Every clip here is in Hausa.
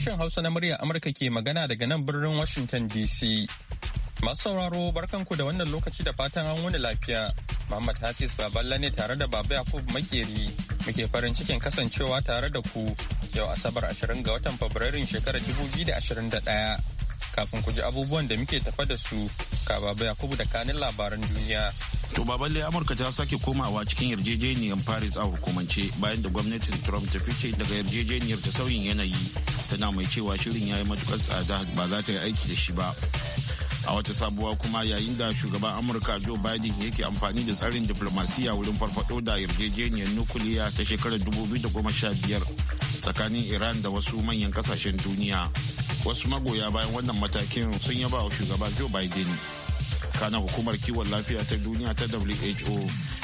Sashen Hausa na muryar Amurka ke magana daga nan birnin Washington DC. Masu sauraro barkanku da wannan lokaci da fatan an wani lafiya. Muhammad Hafiz Baballa ne tare da Baba Yakub Makeri muke farin cikin kasancewa tare da ku yau Asabar 20 ga watan Fabrairun shekarar 2021. Kafin ku ji abubuwan da muke tafa da su, ka Baba Yakubu da kanin labaran duniya. To baballe Amurka ta sake komawa cikin yarjejeniyar Paris a hukumance bayan da gwamnatin Trump ta fice daga yarjejeniyar ta sauyin yanayi tana mai cewa shirin ya yi matukar tsada ba za ta yi aiki da shi ba. A wata sabuwa kuma yayin da shugaban Amurka Joe Biden yake amfani da tsarin diplomasiya wurin farfado da yarjejeniyar nukuliya ta shekarar 2015 tsakanin Iran da wasu manyan kasashen duniya. Wasu magoya bayan wannan matakin sun yaba wa shugaba Joe Biden. na hukumar kiwon lafiya ta duniya ta who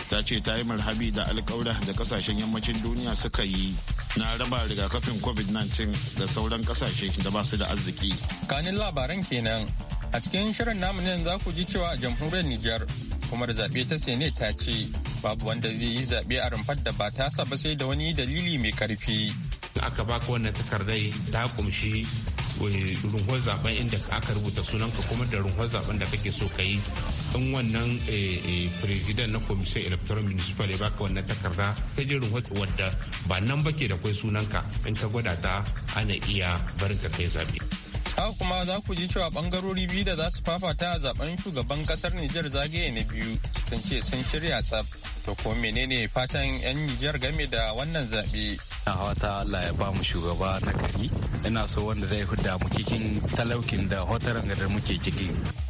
ta ce ta yi marhabi da alkawura da kasashen yammacin duniya suka yi na raba rigakafin covid-19 da sauran kasashe da ba su da arziki kanin labaran kenan a cikin shirin namu ne za ku ji cewa a jamhuriyar niger da zaɓe ta sene ta ce babu wanda zai yi zaɓe a rumfar da ba ta ba sai da wani dalili mai karfi aka baka wannan takardai ta kumshi runhuwar zaben inda aka rubuta sunanka kuma da runhuwar zaben da kake so ka yi in wannan eh, eh, president na commission electoral municipal ya baka wannan takarda ta je runhuwar wadda ba nan ba ke da kwai sunanka in ka gwada ta ana iya barin ka kai zabe. Haka kuma za ku ji cewa bangarori biyu da za su fafata a zaben shugaban kasar Nijar zagaye na biyu sun ce sun shirya tsaf. To ko menene fatan 'yan Nijar game da wannan zaɓe? Ina wata Allah ya ba mu shugaba na gari. Ina so wanda zai hudda mu cikin talaukin da hotaran da muke ciki.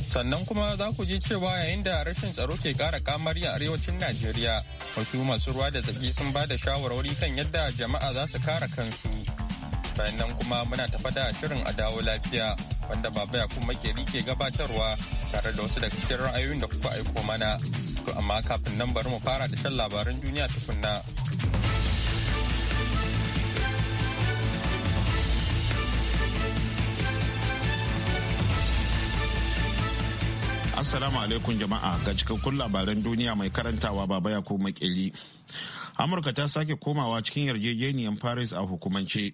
Sannan kuma za ku ji cewa yayin da rashin tsaro ke kara kamar a arewacin Najeriya, wasu masu ruwa da tsaki sun ba da shawarwari kan yadda jama'a za su kare kansu. bayan nan kuma muna tafa da shirin a dawo lafiya wanda baba ya makeri ke gabatarwa tare da wasu daga cikin ra'ayoyin da kuka aiko mana to amma kafin nan bari mu fara da shan labaran duniya tukunna Assalamu alaikum jama'a ga cikakkun labaran duniya mai karantawa baba ya keli. Amurka ta sake komawa cikin yarjejeniyar Paris a hukumance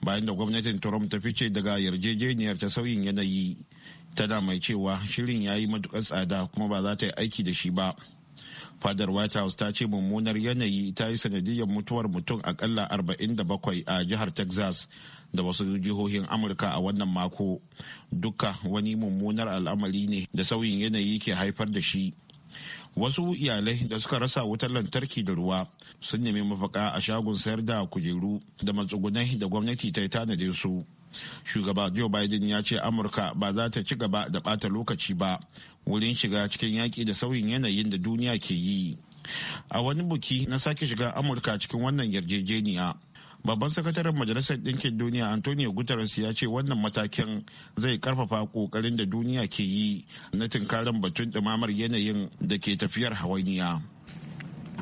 bayan da gwamnatin trump ta fice daga yarjejeniyar ta sauyin yanayi tana mai cewa shirin ya yi matukar tsada kuma ba za ta yi aiki da shi ba fadar white house ta ce mummunar yanayi ta yi sanadiyar mutuwar mutum akalla 47 a jihar texas da wasu jihohin amurka a wannan mako duka wani mummunar al'amari ne da sauyin yanayi ke haifar da shi wasu iyalai da suka rasa wutar lantarki da ruwa sun nemi mafaka a shagon sayar da kujeru da matsugunai da gwamnati ta tanade su shugaba joe biden ya ce amurka ba za ta ci gaba da bata lokaci ba wurin shiga cikin yaƙi da sauyin yanayin da duniya ke yi a wani buki na sake shiga amurka cikin wannan yarjejeniya babban sakataren majalisar ɗinkin duniya antonio guterres ya ce wannan matakin zai karfafa ƙoƙarin da duniya ke yi na tunkarin batun ɗumamar yanayin da ke tafiyar hawainiya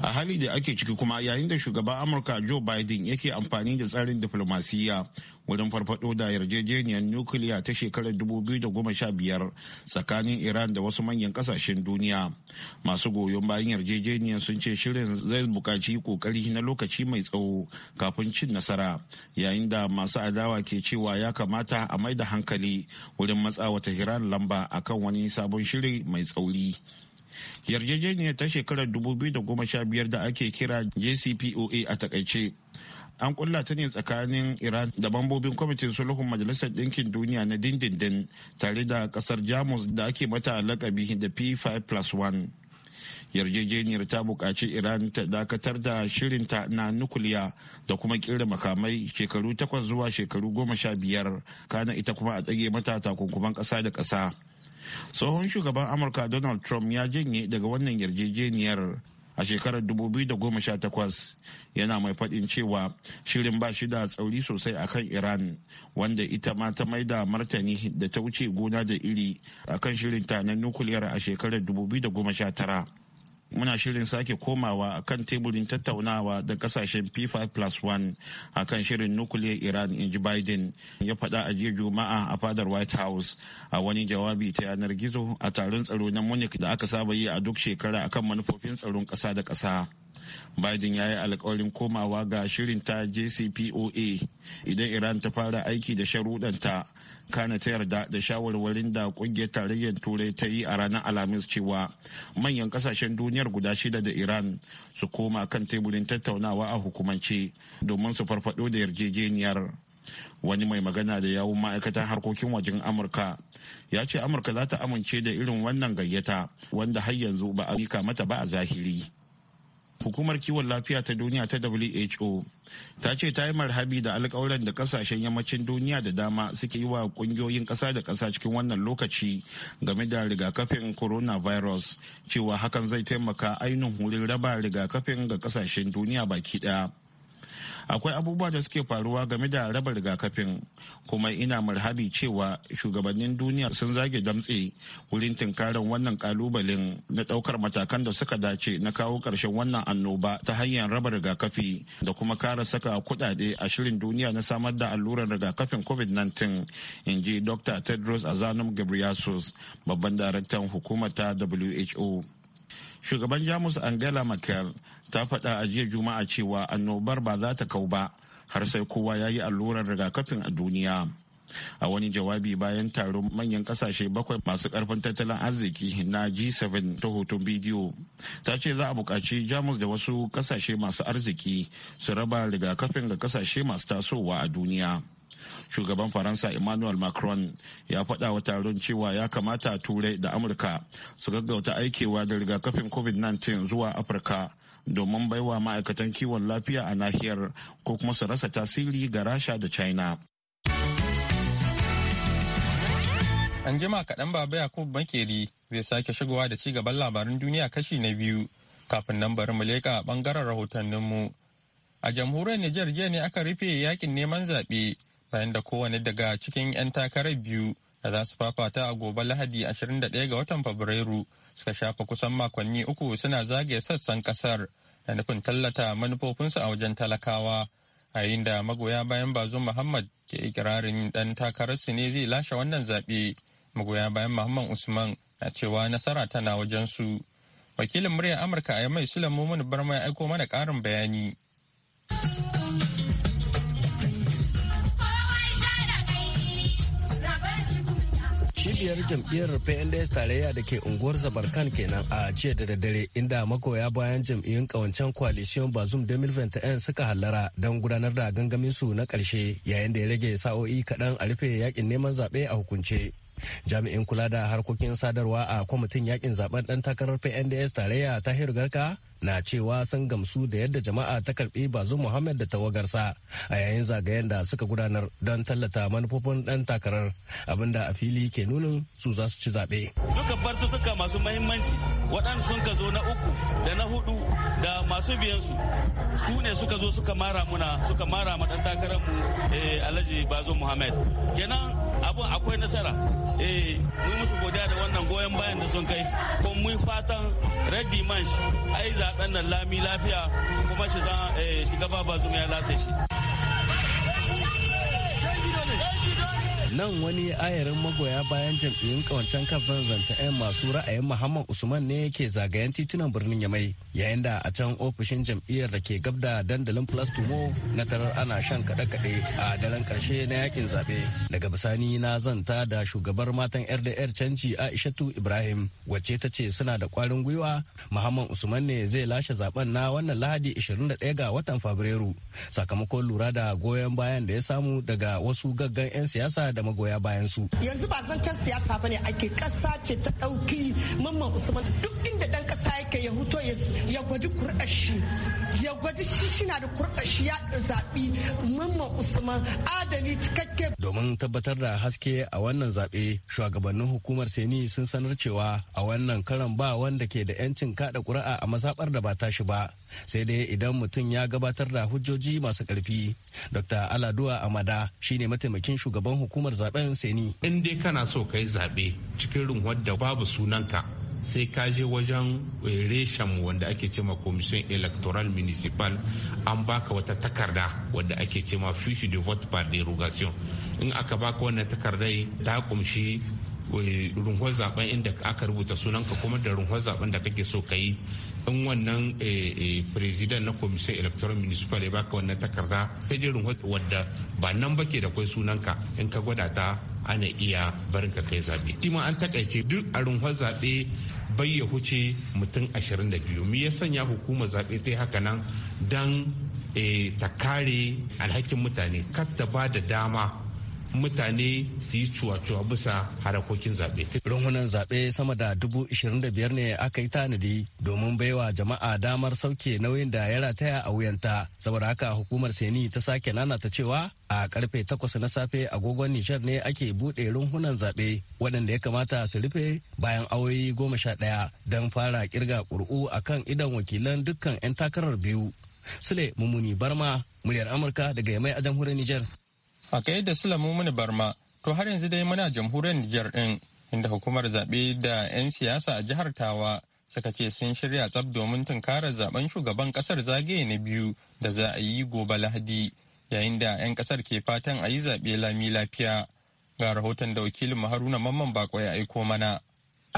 a hali da ake ciki kuma yayin da shugaban amurka joe biden yake amfani da tsarin diflomasiyya wajen farfado da yarjejeniyar nukiliya ta shekarar 2015 tsakanin iran da wasu manyan kasashen duniya masu goyon bayan yarjejeniyar sun ce shirin zai buƙaci kokari na lokaci mai tsawo kafin cin nasara yayin da masu adawa ke cewa ya kamata a mai da hankali wurin matsawa wata lamba akan wani sabon shiri mai tsauri. yarjejeniyar ta shekarar 2015 da ake kira jcpoa a takaice an kulla ta ne tsakanin iran da mambobin kwamitin sulhun majalisar ɗinkin duniya na dindindin tare da ƙasar jamus da ake mata lakabi da p5 plus 1 yarjejeniyar ta bukaci iran ta dakatar da shirinta na nukuliya da kuma ƙirga makamai shekaru takwas zuwa shekaru goma sha biyar kana ita kuma a tsage mata takunkuman ƙasa da ƙasa tsohon shugaban amurka donald trump ya janye daga wannan yarjejeniyar a shekarar 2018 yana mai faɗin cewa shirin ba shi da tsauri sosai akan iran wanda ita ma ta maida martani da ta wuce gona da iri akan shirin tanan na a shekarar 2019 muna shirin sake komawa kan teburin tattaunawa da kasashen p5 plus 1 a kan shirin nukuliyar iran in ji biden ya faɗa a jiya juma'a a fadar white house a wani jawabi ta yanar gizo a taron tsaro na munich da aka saba yi a duk shekara akan manufofin tsaron ƙasa da ƙasa Biden ya yi alkawarin komawa ga shirin ta JCPOA idan Iran ta fara aiki da sharuɗanta kana ta yarda da shawarwarin da kungiyar tarayyar turai ta yi a ranar alhamis cewa manyan kasashen duniyar guda shida da iran su koma kan teburin tattaunawa a hukumance domin su farfado da yarjejeniyar wani mai magana da yawun ma'aikatan harkokin wajen amurka ya ce amurka za ta amince da irin wannan gayyata wanda har yanzu ba a mata ba a zahiri hukumar kiwon lafiya ta duniya ta who ta ce ta yi marhabi da alkawuran da kasashen yammacin duniya da dama suke yi wa kungiyoyin kasa da kasa cikin wannan lokaci game da rigakafin coronavirus cewa hakan zai taimaka ainihin hurin raba rigakafin ga kasashen duniya baki daya akwai abubuwa da suke faruwa game da raba rigakafin kuma ina marhabi cewa shugabannin duniya sun zage damtse wurin tinkarin wannan kalubalen na daukar matakan da suka dace na kawo karshen wannan annoba ta hanyar raba rigakafi da kuma kara saka kudade a shirin duniya na samar da alluran rigakafin covid-19 in ji dr tedros azanum gabriasus babban daraktan hukumar ta who shugaban jamus angela merkel ta faɗa a jiya juma'a cewa annobar ba za ta kau ba har sai kowa ya yi allurar rigakafin a duniya a wani jawabi bayan taron manyan kasashe bakwai masu karfin tattalin arziki na g7 ta hoton bidiyo ta ce za a buƙaci jamus da wasu kasashe masu arziki su raba rigakafin ga kasashe masu tasowa a duniya shugaban faransa emmanuel macron ya faɗa wa taron cewa ya kamata turai da amurka su gaggauta aikewa da rigakafin covid-19 zuwa afirka domin baiwa ma'aikatan kiwon lafiya a nahiyar ko kuma su rasa tasiri ga rasha da china an jima kaɗan baba yakub makeri zai sake shigowa da ci gaban labarin duniya kashi na biyu kafin nan bari mu leƙa ɓangaren rahotanninmu a jamhuriyar nijar jiya ne aka rufe yakin neman zaɓe bayan da kowane daga cikin 'yan takarar biyu da za su fafata a gobe lahadi 21 ga watan fabrairu suka shafa kusan makonni uku suna zage sassan kasar da nufin tallata manufofinsu a wajen talakawa a yayin da magoya bayan bazu muhammad ke ikirarin dan takararsu ne zai lashe wannan zaɓe magoya bayan muhammad usman na cewa nasara tana wajen su wakilin muryar amurka a yamai mun barma ya aiko mana ƙarin bayani cibiyar jam'iyyar pnds tarayya da ke unguwar zabarkan kenan a jiya da daddare inda makoya bayan jam'iyyun kawancen coalition bazum 2021 suka hallara don gudanar da gangamin su na karshe yayin da ya rage sa'o'i kaɗan a rufe yakin neman zaɓe a hukunce jami'in kula da harkokin sadarwa a kwamitin yakin zaben dan takarar pnds tarayya ta garka na cewa sun gamsu da yadda jama'a ta karbi bazu muhammad da tawagarsa a yayin zagayen da suka gudanar don tallata manufofin dan takarar abinda a fili ke nunin su za su ci zaɓe. duka bartutuka masu mahimmanci waɗanda sun ka zo na uku da na hudu da masu biyansu su ne suka zo suka mara muna suka mara ma ɗan takararmu eh, alhaji bazo muhammad kenan abun akwai nasara eh mun musu godiya da wannan goyon bayan da sun kai kuma mun fatan reddy manch ai zaben nan lami lafiya kuma shi zan eh, ba bazum ya lasa shi nan wani ayarin magoya bayan jam'iyyun kawancen kafin zanta 'yan masu ra'ayin muhammad usman ne ke zagayen titunan birnin yamai yayin da a can ofishin jam'iyyar da ke gab da dandalin tumo na tarar ana shan kaɗe-kaɗe a daren karshe na yakin zaɓe daga bisani na zanta da shugabar matan rdr canji aishatu ibrahim wacce ta ce suna da ƙwarin gwiwa muhammad usman ne zai lashe zaben na wannan lahadi 21 ga watan fabrairu sakamakon lura da goyon bayan da ya samu daga wasu gaggan 'yan siyasa da magoya bayan su yanzu ba san kan siyasa bane ake kasa ce ta ɗauki mamman usman duk inda ɗan ƙasa yake ya huto ya gwadi kur'ashi ya gwada shi na da shi ya zaɓi mamman usman adali cikakke. domin tabbatar da haske a wannan zaɓe shugabannin hukumar seni sun sanar cewa a wannan karan ba wanda ke da 'yancin kaɗa ƙuri'a a mazaɓar da ba shi ba sai dai idan mutum ya gabatar da hujjoji masu ƙarfi dr aladuwa amada shine mataimakin shugaban hukumar zaɓen seni in dai kana so ka yi zaɓe cikin runhuwar da babu sunanka sai ka je wajen eh, reshen wanda ake cema commission electoral municipal an baka wata takarda wanda ake cema fishi de vote par derogation in aka baka wannan takardar ta kumshi eh, runhon zaben inda aka rubuta sunanka kuma da runhon zaben da kake so ka yi in wannan eh, president na commission electoral municipal ya baka wannan takarda ka je runhon wadda ba nan ba ke da kwai sunanka in ka gwada ta ana iya barin ka kai zabe. Tima an takaice duk a runhon zabe bai ya huce mutum 22 mu ya sanya hukumar zaɓe ta yi haka nan don eh, ta kare alhakin mutane kar ta ba da dama mutane su yi cuwa-cuwa bisa harakokin zaɓe. Runhunan zaɓe sama da dubu ishirin da biyar ne aka yi tanadi domin baiwa jama'a damar sauke nauyin da ya rataya a wuyanta. Saboda haka hukumar Seni ta sake nanata cewa a karfe takwas na safe agogon Nijar ne ake buɗe runhunan zaɓe waɗanda ya kamata su rufe bayan awoyi goma sha ɗaya don fara kirga ƙuri'u a kan idon wakilan dukkan 'yan takarar biyu. Sule Mumuni Barma, muryar Amurka daga Yamai a jamhuriyar Nijar. A kai da Sulamu Muni Barma, to har yanzu dai muna jamhuriyar Nijar ɗin, inda hukumar zaɓe da 'yan siyasa a jihar Tawa suka ce sun shirya tsab domin tunkarar zaben shugaban ƙasar zagaye na biyu da za a yi gobe Lahadi, yayin da 'yan ƙasar ke fatan a yi zaɓe lami lafiya. Ga rahoton da wakilin Haruna Mamman Bako ya aiko mana.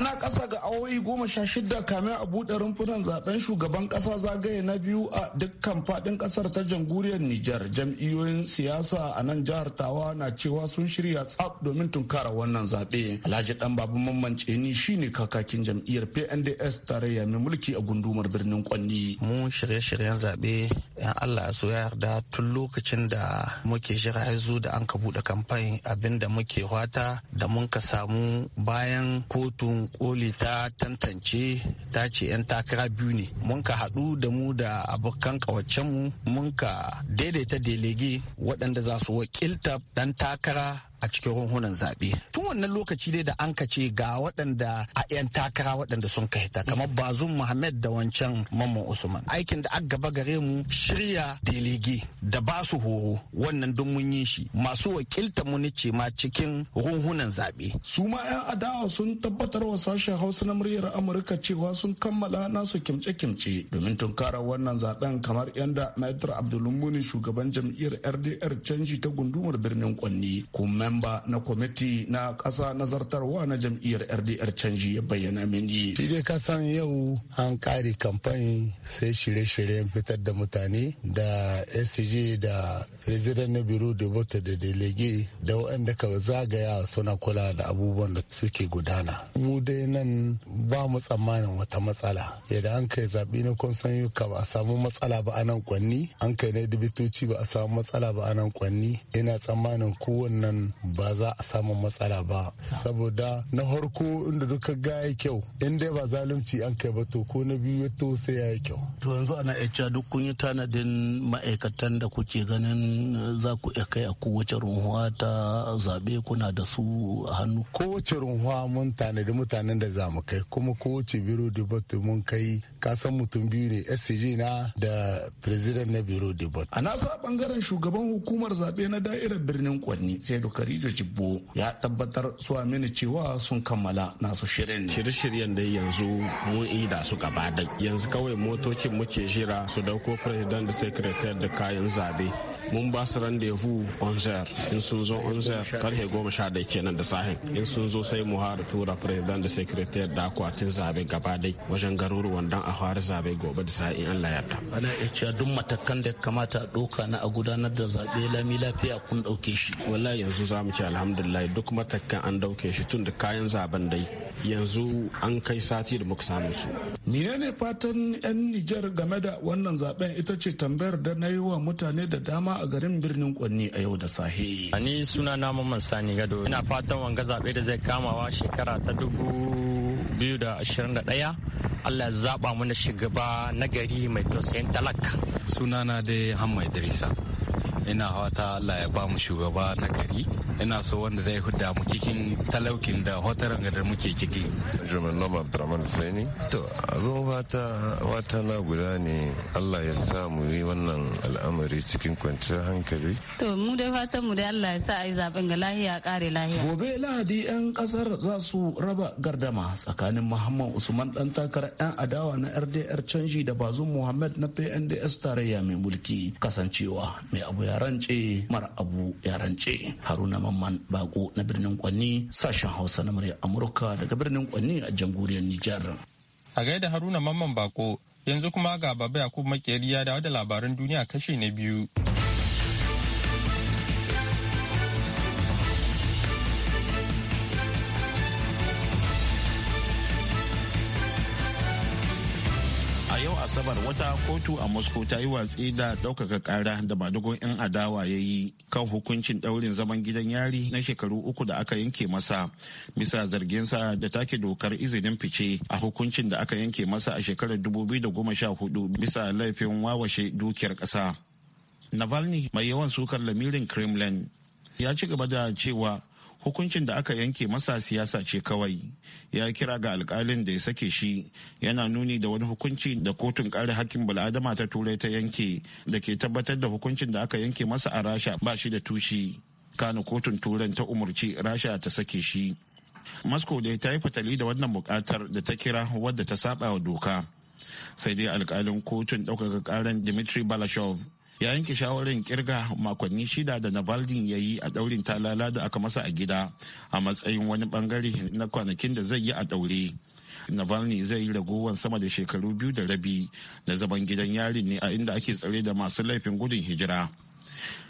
ana ƙasa ga awoyi goma sha shida kamin a buɗe rumfunan zaben shugaban ƙasa zagaye na biyu a dukkan faɗin ƙasar ta jamhuriyar Nijar jam'iyyoyin siyasa a nan jihar Tawa na cewa sun shirya tsaf domin tunkara wannan zaɓe. Alhaji ɗan babu mamance ni shine kakakin jam'iyyar PNDS tarayya mai mulki a gundumar birnin Kwanni. Mu shirye-shiryen zaɓe yan Allah so ya yarda tun lokacin da muke jira haizu da an ka buɗe kamfain abinda muke wata da mun ka samu bayan kotun koli ta tantance ta ce 'yan takara biyu ne mun ka haɗu da mu da abokan kawacenmu mun ka daidaita delege waɗanda za su wakilta ɗan takara a cikin runhunan zaɓe. Tun wannan lokaci dai da an kace ga waɗanda a 'yan takara waɗanda sun kai ta kamar Bazum Muhammad da wancan Mamman Usman. Aikin da aka gaba gare mu shirya delege da ba su horo wannan don mun yi shi masu wakilta mu ce ma cikin runhunan zaɓe. Su ma 'yan adawa sun tabbatar wa sashen Hausa na muryar Amurka cewa sun kammala nasu kimce-kimce domin tunkarar wannan zaben kamar yadda Maitar Abdulmuni shugaban jam'iyyar RDR canji ta gundumar birnin Kwanni kuma memba na kwamiti na ƙasa nazartarwa na jam'iyyar rdr canji ya bayyana mini shi kasan yau an kare kamfani sai shirye-shiryen fitar da mutane da scg da president na biro da vote da delege da waɗanda ka zagaya suna kula da abubuwan da suke gudana mu dai nan ba mu tsammanin wata matsala yadda an kai zaɓi na konsan ka ba a samu matsala ba a nan kwanni an kai na dibitoci ba a samu matsala ba a nan kwanni ina tsammanin kowannan ba za a samu matsala ba saboda na harko inda duka ga ya kyau in dai ba zalunci an kai ba to ko na biyu to sai ya yi kyau to yanzu ana iya duk kun yi tanadin ma'aikatan da kuke ganin za ku iya kai a kowace runhuwa ta zabe kuna da su a hannu kowace runhuwa mun tanadi mutanen da za mu kai kuma kowace biro de bato mun kai ka san mutum biyu ne scg na da president na biro de bato. a nasa bangaren shugaban hukumar zabe na da'irar birnin kwanni sai dukari Khadija Jibbo ya tabbatar suwa mini cewa sun kammala nasu shirin. Shirye-shiryen dai yanzu mun ida su gaba da yanzu kawai motocin muke shira su dauko president da secretary da kayan zabe mun ba su randevu onzer in sun zo onzer karfe goma sha daya kenan da sahin in sun zo sai mu hada tura president da secretary da akwatin zabe gaba dai wajen garuruwan dan a fara zabe gobe da sa'in Allah yarda ana iya cewa duk matakan da kamata a ɗauka na a gudanar da zabe lami lafiya kun dauke shi wallahi yanzu za mu ce alhamdulillah duk matakan an dauke shi tun da kayan zaben dai yanzu an kai sati da muka samu su menene fatan yan Nijar game da wannan zaben ita ce tambayar da na yi wa mutane da dama zama a garin birnin Kwanni a yau da A ni suna na Mamman Sani Gado. Ina fatan wanga zaɓe da zai kamawa shekara ta dubu biyu da da ashirin ɗaya. Allah ya zaba mana shugaba na gari mai tausayin talaka. Sunana dai Hamma Idrisa. Ina hawata Allah ya ba mu shugaba na gari ina so wanda zai hudda mu cikin talaukin da hotaran da muke ciki jumin noma abdurrahman saini to abin wata wata na guda ne allah ya sa mu yi wannan al'amari cikin kwanciyar hankali to mu dai fatan mu dai allah ya sa a yi zaben ga lahiya kare lahiya gobe lahadi yan kasar za su raba gardama tsakanin muhammad usman dan takarar yan adawa na rdr canji da bazu muhammad na pnds tarayya mai mulki kasancewa mai abu ya rance mara abu ya rance haruna Mamman Bago na birnin Kwanni sashen Hausa na murya Amurka daga birnin Kwanni a jamhuriyar Nijar. A gaida Haruna Mamman Bako yanzu kuma ga Baba Yakubu Makeri ya dawo da labaran duniya kashi na biyu. asabar wata kotu a moscow ta yi watsi da ɗaukaka ƙara da madugon 'yan adawa ya yi kan hukuncin ɗaurin zaman gidan yari na shekaru uku da aka yanke masa bisa zarginsa da take dokar izinin fice a hukuncin da aka yanke masa a shekarar 2014 bisa laifin wawashe dukiyar ƙasa navalny mai yawan sukar lamirin kremlin ya ci gaba da cewa hukuncin da aka yanke masa siyasa ce kawai ya kira ga alkalin da ya sake shi yana nuni da wani hukunci da kotun kare hakkin bal'adama ta turai ta yanke da ke tabbatar da hukuncin da aka yanke masa a rasha ba shi da tushi kano kotun turai ta umarci rasha ta sake shi moscow dai ta yi fatali da wannan bukatar da ta kira wadda ta saba wa doka sai dai alkalin kotun ɗaukaka karan dimitri balashov ya yanke shawarar kirga makonni shida da Navalny ya yi a daurin talala da aka masa a gida a matsayin wani bangare na kwanakin da zai yi a daure. Navalny zai yi ragowar sama da shekaru biyu da rabi na zaman gidan yarin ne a inda ake tsare da masu laifin gudun hijira.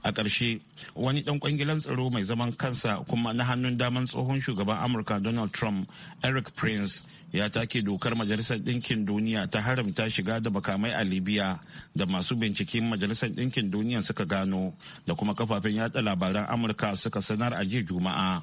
a ƙarshe wani ɗan kwangilan tsaro mai zaman kansa kuma na hannun daman tsohon shugaban amurka donald trump eric prince ya take dokar majalisar ɗinkin duniya ta haramta shiga da makamai a libya da masu binciken majalisar ɗinkin duniya suka gano da kuma kafafen yada labaran amurka suka sanar a jiya juma'a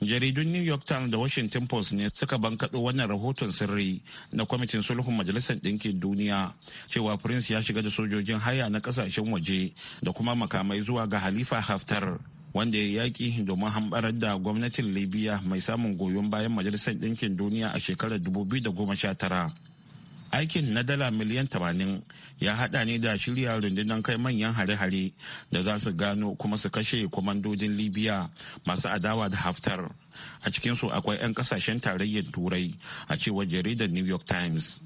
jaridun new york times da washington post ne suka bankaɗo wannan rahoton sirri na kwamitin sulhun majalisar ɗinkin duniya cewa prince ya shiga da sojojin haya na ƙasashen waje da kuma makamai zuwa ga halifa haftar wanda ya yi yaƙi domin hambarar da gwamnatin libya mai samun goyon bayan majalisar ɗinkin duniya a shekarar 2019 aikin na dala miliyan 80 ya haɗa ne da shirya rundunar kai manyan hare-hare da za su gano kuma su kashe kwamandojin libya masu adawa da haftar a cikinsu akwai 'yan kasashen tarayyar turai a cewar jaridar new york times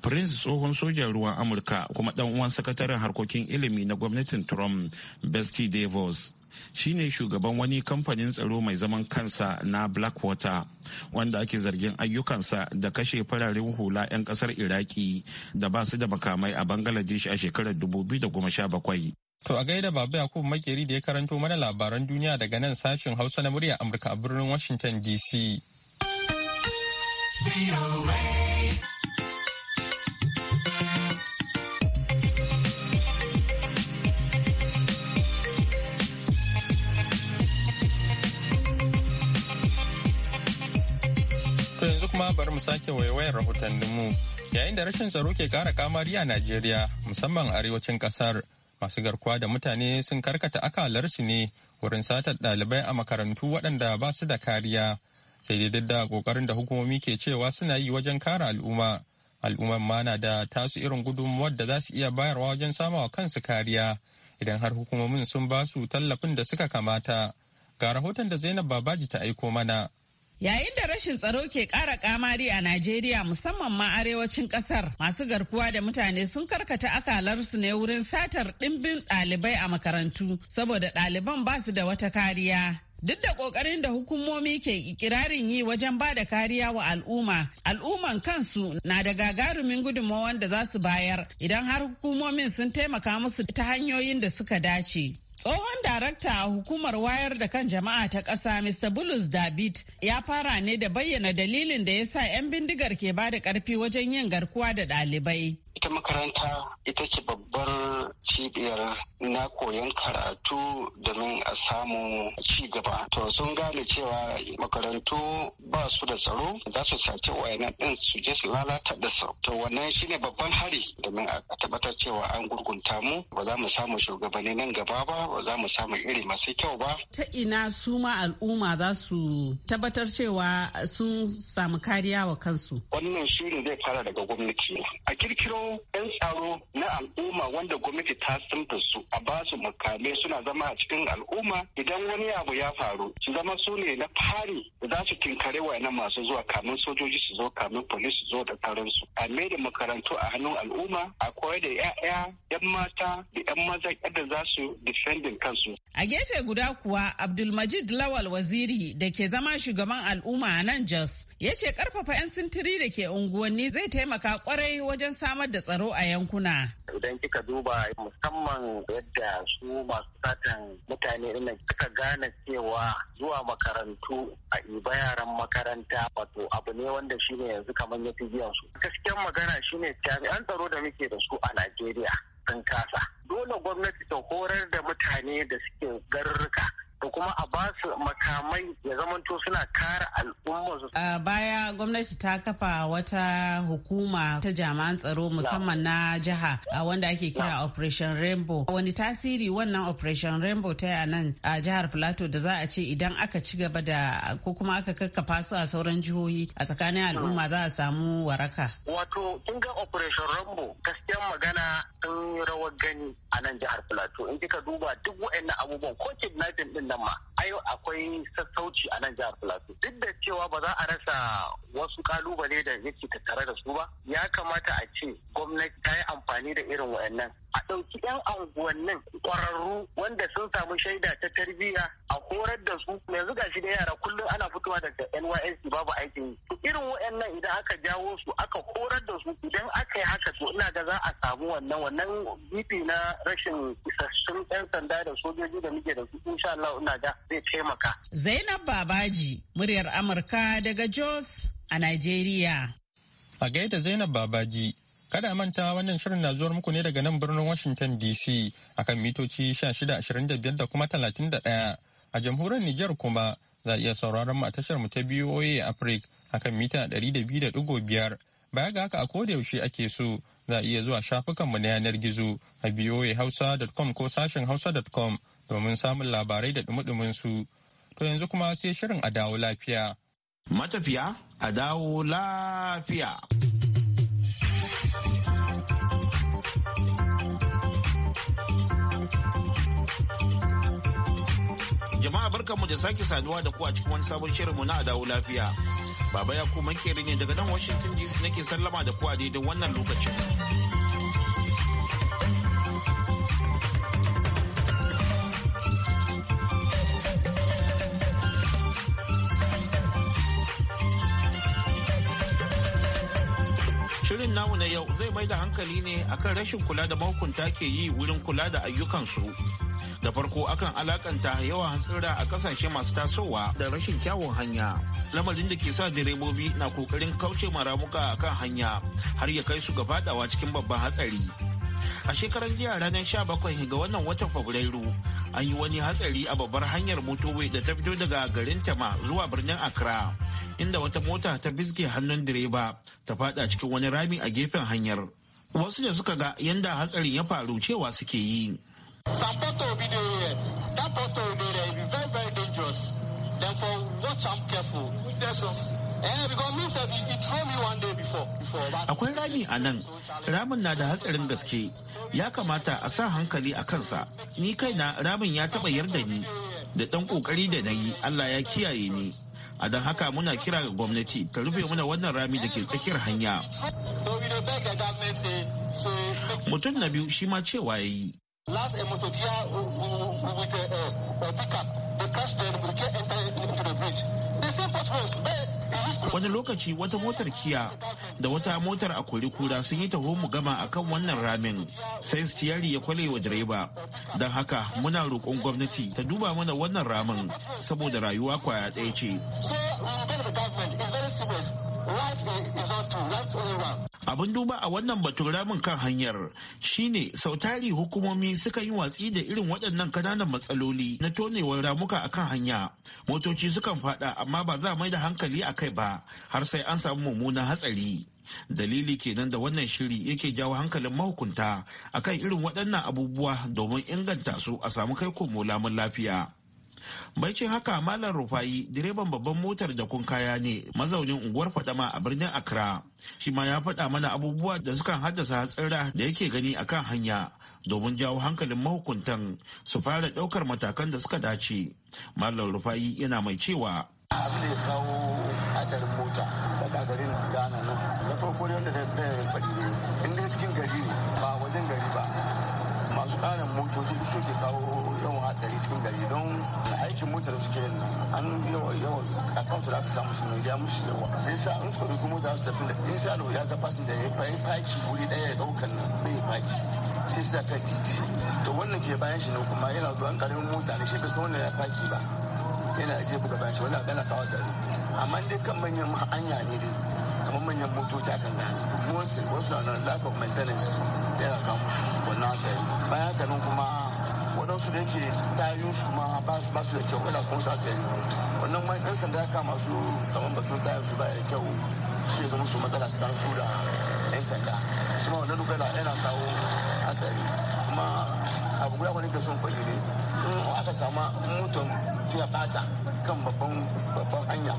prince tsohon sojan ruwan amurka kuma dan uwan sakataren harkokin ilimi na gwamnatin trump bestie davos shine shugaban wani kamfanin tsaro mai zaman kansa na blackwater wanda ake zargin ayyukansa da kashe fararen hula 'yan kasar iraki da ba su da makamai a bangladesh a shekarar 2017 To a gaida Baba Yakubu Makeri da ya karanto mana labaran duniya daga nan sashen Hausa na murya Amurka a birnin Washington DC. kuma bari mu sake waiwayar rahotanninmu yayin da rashin tsaro ke kara kamari a Najeriya musamman arewacin kasar masu garkuwa da mutane sun karkata akalarsu ne wurin satar ɗalibai a makarantu waɗanda ba su da kariya sai dai duk da ƙoƙarin da hukumomi ke cewa suna yi wajen kare al'umma al'umman ma na da tasu irin gudunmuwar da za su iya bayarwa wajen samawa kansu kariya idan har hukumomin sun ba su tallafin da suka kamata ga rahoton da zainab babaji ta aiko mana Yayin da rashin tsaro ke ƙara kamari a Najeriya musamman ma arewacin ƙasar masu garkuwa da mutane sun karkata akalarsu ne wurin satar ɗimbin ɗalibai a makarantu saboda ɗaliban ba su da wata kariya. Duk da ƙoƙarin da hukumomi ke ikirarin yi wajen ba da kariya wa al'umma, al'umman kansu na da gagarumin gudunmawar da za su bayar idan har hukumomin sun taimaka musu ta hanyoyin da suka dace. Tsohon darakta a hukumar wayar da kan jama'a ta ƙasa Mr. Bulus David ya fara ne da bayyana dalilin da ya sa 'yan bindigar ke ba da ƙarfi wajen yin garkuwa da ɗalibai. ita makaranta ita ce babbar cibiyar na koyon karatu domin a samu ci gaba to sun gane cewa makarantu ba su da tsaro za su sace wayanan din su je su lalata da su to wannan shine babban hari domin a tabbatar cewa an gurgunta mu ba za mu samu shugabanni nan gaba ba ba za mu samu iri masu kyau ba ta ina su ma al'umma za su tabbatar cewa sun samu kariya wa kansu wannan shirin zai fara daga gwamnati a kirkiro 'yan tsaro na al'umma wanda gwamnati ta sunta su a ba su mukamai suna zama a cikin al'umma idan wani abu ya faru su zama su ne na fari za su tinkare na masu zuwa kamin sojoji su zo kamin polis su zo da su a mai da makarantu a hannun al'umma a koyar da 'ya'ya 'yan mata da 'yan maza yadda za su defending kansu. A gefe guda kuwa Abdulmajid Lawal Waziri da ke zama shugaban al'umma a nan Jos ya ce karfafa 'yan sintiri da ke unguwanni zai taimaka kwarai wajen samar da tsaro a yankuna. Idan kika duba musamman yadda su masu satan mutane ina, kika gane cewa zuwa makarantu a iba yaran makaranta wato abu ne wanda shi ne yanzu kamar ya fi biyan su. Gaskiyar magana shi shine jami'an tsaro da muke da su a Najeriya sun kasa. Dole gwamnati ta horar da mutane da suke garurruka da kuma a ba su makamai ya zamanto suna kare al'ummarsu. A baya gwamnati ta kafa wata hukuma ta jami'an tsaro musamman na jiha wanda ake kira Operation Rainbow. Wani tasiri wannan Operation Rainbow ta yi nan a jihar Plateau da za a ce idan aka ci gaba da ko kuma aka kakkafa su a sauran jihohi a tsakanin al'umma za a samu waraka. Wato kin ga Operation Rainbow gaskiya magana sun rawar gani a nan jihar Plateau in kika duba duk waɗannan abubuwan ko kidnapping din nan ma ai akwai sassauci a nan jihar Plateau duk da cewa ba za a rasa wasu kalubale da yake tattare da su ba ya kamata a ce gwamnati ta yi amfani da irin wayannan a ɗauki 'yan anguwannin ƙwararru wanda sun samu shaida ta tarbiyya a horar da su yanzu gashi da yara kullum ana fitowa daga NYSC babu aikin yi irin wayannan idan aka jawo su aka horar da su idan aka yi haka to ina ga za a samu wannan wannan bibi na rashin isassun 'yan sanda da sojoji da muke da su insha Allah da zai taimaka. Zainab Babaji, muryar Amurka daga Jos a Najeriya. A gaida Zainab Babaji, kada a manta wannan shirin na zuwar muku ne daga nan birnin Washington DC akan mitoci 1625 da kuma 31 a jamhuriyar Nijar kuma za iya sauraron mu a tashar mu ta BOA Africa akan mita 200.5 baya ga haka a koda yaushe ake so za a iya zuwa shafukanmu na yanar gizo a boahausa.com ko sashen hausa.com domin samun labarai da dumi su to yanzu kuma sai shirin a dawo lafiya. Matafiya a dawo lafiya. Jama'a barkanmu da sake saduwa da ku a cikin wani sabon shirinmu na a dawo lafiya. Baba ya ku makeri ne daga nan Washington DC nake sallama da ku a daidai wannan lokacin. Shirin namu na yau zai mai da hankali ne akan rashin kula da mahukunta ke yi wurin kula da ayyukansu. Da farko akan alakanta yawan hatsira a kasashe masu tasowa da rashin kyawun hanya. Lamarin da ke sa direbobi na kokarin kauce maramuka a kan hanya har ya kai su ga faɗawa cikin babban hatsari. a shekaran jiya ranar 17 ga wannan watan fabrairu an yi wani hatsari a babbar hanyar motowe da ta fito daga garin tama zuwa birnin accra inda wata mota ta biske hannun direba ta fada cikin wani rami a gefen hanyar wasu da suka ga yadda hatsarin ya faru cewa suke yi Then watch careful. Akwai rami a nan, ramin na da hatsarin gaske, ya kamata a sa hankali a kansa. Ni kaina ramin ya taɓa yarda ni, da ɗan ƙoƙari da na yi Allah ya kiyaye ni. A don haka muna kira ga gwamnati ta rufe muna wannan rami da ke tsakiyar hanya. Mutum na biyu shi ma cewa ya yi. Last a motobiya with a pickup, them, the bridge. The same wani lokaci wata motar kiya da wata motar a kura sun yi taho mu gama a kan wannan ramin sai stiyari ya kwale wa direba don haka muna roƙon gwamnati ta duba mana wannan ramin saboda rayuwa kwaya ɗaya ce uh, abin duba a wannan batun ramin kan hanyar shine sautari hukumomi suka yi watsi da irin waɗannan kananan matsaloli na tonewar ramuka a kan hanya motoci sukan fada amma ba za mai da hankali a kai ba har sai an samu mummunan hatsari dalili kenan da wannan shiri yake jawo hankalin mahukunta akan irin waɗannan abubuwa domin inganta su a samu kai komo lamun lafiya Baikin haka Malam Rufayi direban babban motar da kun kaya ne mazaunin unguwar Fadama a birnin Accra. Shi ma ya faɗa mana abubuwa da suka haddasa hatsira da yake gani akan hanya domin jawo hankalin mahukuntan su fara ɗaukar matakan da suka dace. Malam Rufayi yana mai cewa. Abin da wajen gari ba. Masu ƙarin motoci su kawo yawan hatsari cikin gari don aikin mota da suke yin an yawan yawan kan su da aka samu sun ya musu yawa sai sa in suka ɗauki mota su tafi da in sa ya ga fasinja ya yi faki wuri daya ya ɗaukan nan bai faki sai sa ka titi to wannan ke bayan shi ne kuma yana zuwa an karin mota ne shi ka san wannan ya faki ba yana ajiye buga bayan shi wannan gana kawo tsari amma dai kan manyan hanya ne dai kuma manyan motoci akan gane wasu wasu na lack of maintenance yana kawo wannan tsari bayan haka nan kuma waɗansu da yake yi su kuma ba su da kyau yana kuma sa yi wannan ma yan sanda ka masu kamar batun su baya da kyau shi ya zama su matsala su kan su da yan sanda shi ma wannan duka yana kawo hatsari kuma abu guda wani kwaje ne in aka sama mutum ta bata kan babban babban hanya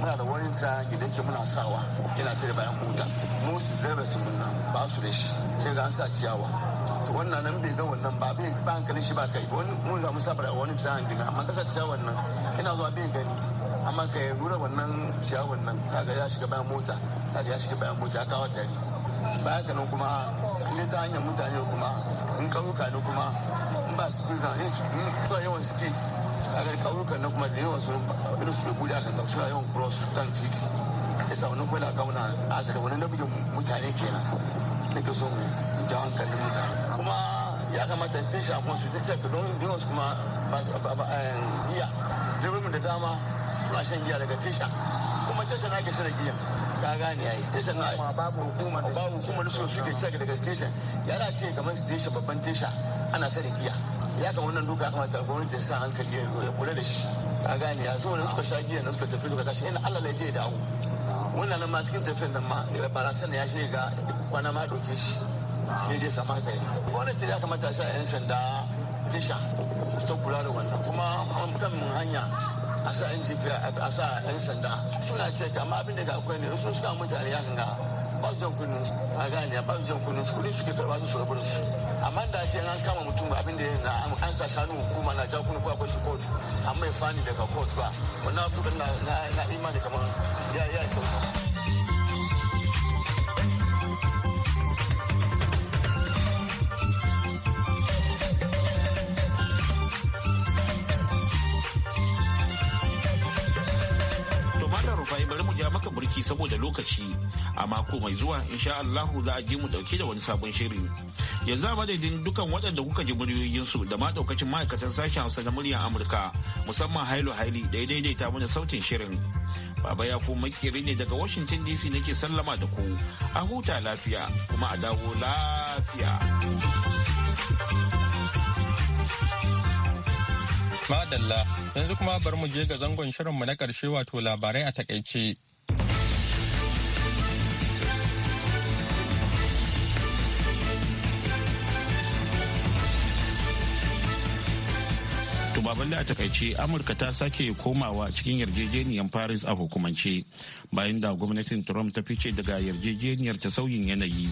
muna da wani ta gida ke muna sawa yana tare bayan mota musu driver sun ba su da shi sai ga an sa ciyawa to wannan nan bai ga wannan ba bai ba hankalin shi ba kai wani mun ga musa bara wani bisa gina amma kasa ciyawan wannan ina zuwa bai gani amma ka ya nuna wannan ciyawan wannan kaga ya shiga bayan mota kaga ya shiga bayan mota ya kawo tsari baya ganin kuma ne ta hanyar mutane kuma in karuka ne kuma in ba su na in suna yawan street kaga karuka ne kuma da yawan su irin su bai bude a kan suna yawan cross kan titi yasa wani kwela kauna a asali wani bugin mutane kenan nake so mu ja hankalin mutane kuma ya kamata tun shafin su ta ce don don su kuma eh, giya dirbin da dama suna shan giya daga tisha kuma tisha na ke shirin giya ka gane yi tisha na amma babu da babu da su suke cek daga station da ce kamar tisha babban tisha ana shirin giya ya kama wannan duka kamata gwamnati da sa hankali ya kula da shi ka gane ya so wani suka sha giya na suka tafi suka tashi ina Allah ya je da dawo wannan nan ma cikin tafiyan nan ma daga eh, barasan ya shine ga kwana ma doke shi sai zai sai wannan gwamnati aka mata sa 'yan sanda tisha ta kula da wannan kuma an kan hanya a sa 'yan sanda suna ce kama abin da ga akwai ne sun suka mutane ya kan ga ba su jan kunnen su a gane ba su jan kunnen su kudi suke su rabu su amma da ake an kama mutum abin da yana an sa shanu hukuma na jakun ko akwai shi kotu amma ya fani daga kotu ba wannan abu na imani kamar ya yi sauka. burki saboda lokaci a mako mai zuwa insha Allahu za a je mu dauke da wani sabon shirin yanzu a madadin dukan waɗanda kuka ji muryoyin su da ma daukacin ma'aikatan sashen Hausa na muryar Amurka musamman Hailu Haili da ya daidaita mana sautin shirin Baba ya ku makiri ne daga Washington DC nake sallama da ku a huta lafiya kuma a dawo lafiya. Madalla, yanzu kuma bari mu je ga zangon shirinmu na ƙarshe wato labarai a takaice. To baballe a takaice Amurka ta sake komawa cikin yarjejeniyar Paris a hukumance bayan da gwamnatin Trump ta fice daga yarjejeniyar ta sauyin yanayi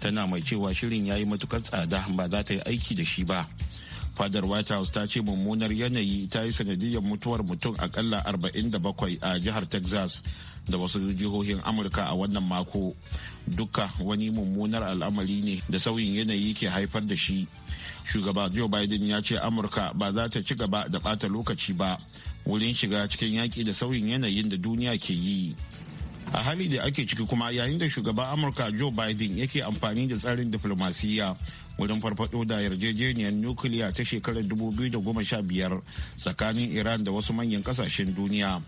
tana mai cewa shirin ya yi matukar tsada ba za ta yi aiki da shi ba. Fadar White House ta ce mummunar yanayi ta yi sanadiyar mutuwar mutum akalla 47 a jihar Texas da wasu jihohin Amurka a wannan mako. duka wani mummunar al'amari ne da sauyin yanayi ke haifar da shi. shugaba joe biden ya ce amurka ba za ta ci gaba da bata lokaci ba wurin shiga cikin yaƙi da sauyin yanayin da duniya ke yi a hali da ake ciki kuma yayin da shugaban amurka joe biden yake amfani da tsarin diflomasiyya wurin farfado da yarjejeniyar nukiliya ta shekarar 2015 tsakanin iran da wasu manyan kasashen duniya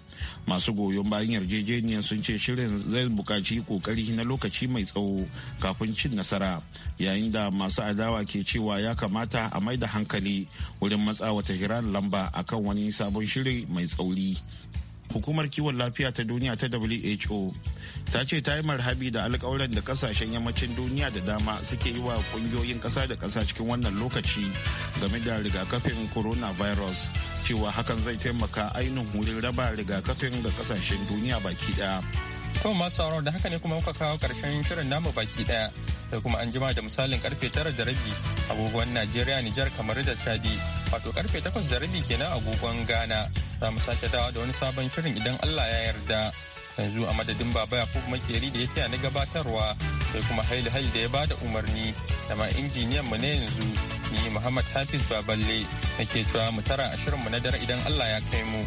masu goyon bayan yarjejeniyar sun ce shirin zai buƙaci kokari na lokaci mai tsawo kafin cin nasara yayin da masu adawa ke cewa ya kamata a mai da hankali wurin matsawa ta iran lamba akan wani sabon shiri mai tsauri hukumar kiwon lafiya ta duniya ta who ta ce ta yi marhabi da alkawaran da kasashen yammacin duniya da dama suke yi wa kungiyoyin kasa da kasa cikin wannan lokaci game da rigakafin coronavirus cewa hakan zai taimaka ainihin wurin raba rigakafin ga kasashen duniya baki daya kuma masu sauraro da haka ne kuma muka kawo karshen shirin namu baki daya da kuma an jima da misalin karfe tara da rabi abubuwan najeriya nijar kamar da chadi wato karfe takwas da rabi kenan agogon Ghana za mu sake dawa da wani sabon shirin idan Allah ya yarda yanzu a madadin baba kuma makeri da ya taya na gabatarwa sai kuma haili haili da ya ba da umarni da ma injiniyan mu na yanzu ni Muhammad Hafiz Baballe nake cewa mu tara a shirin mu na dare idan Allah ya kai mu.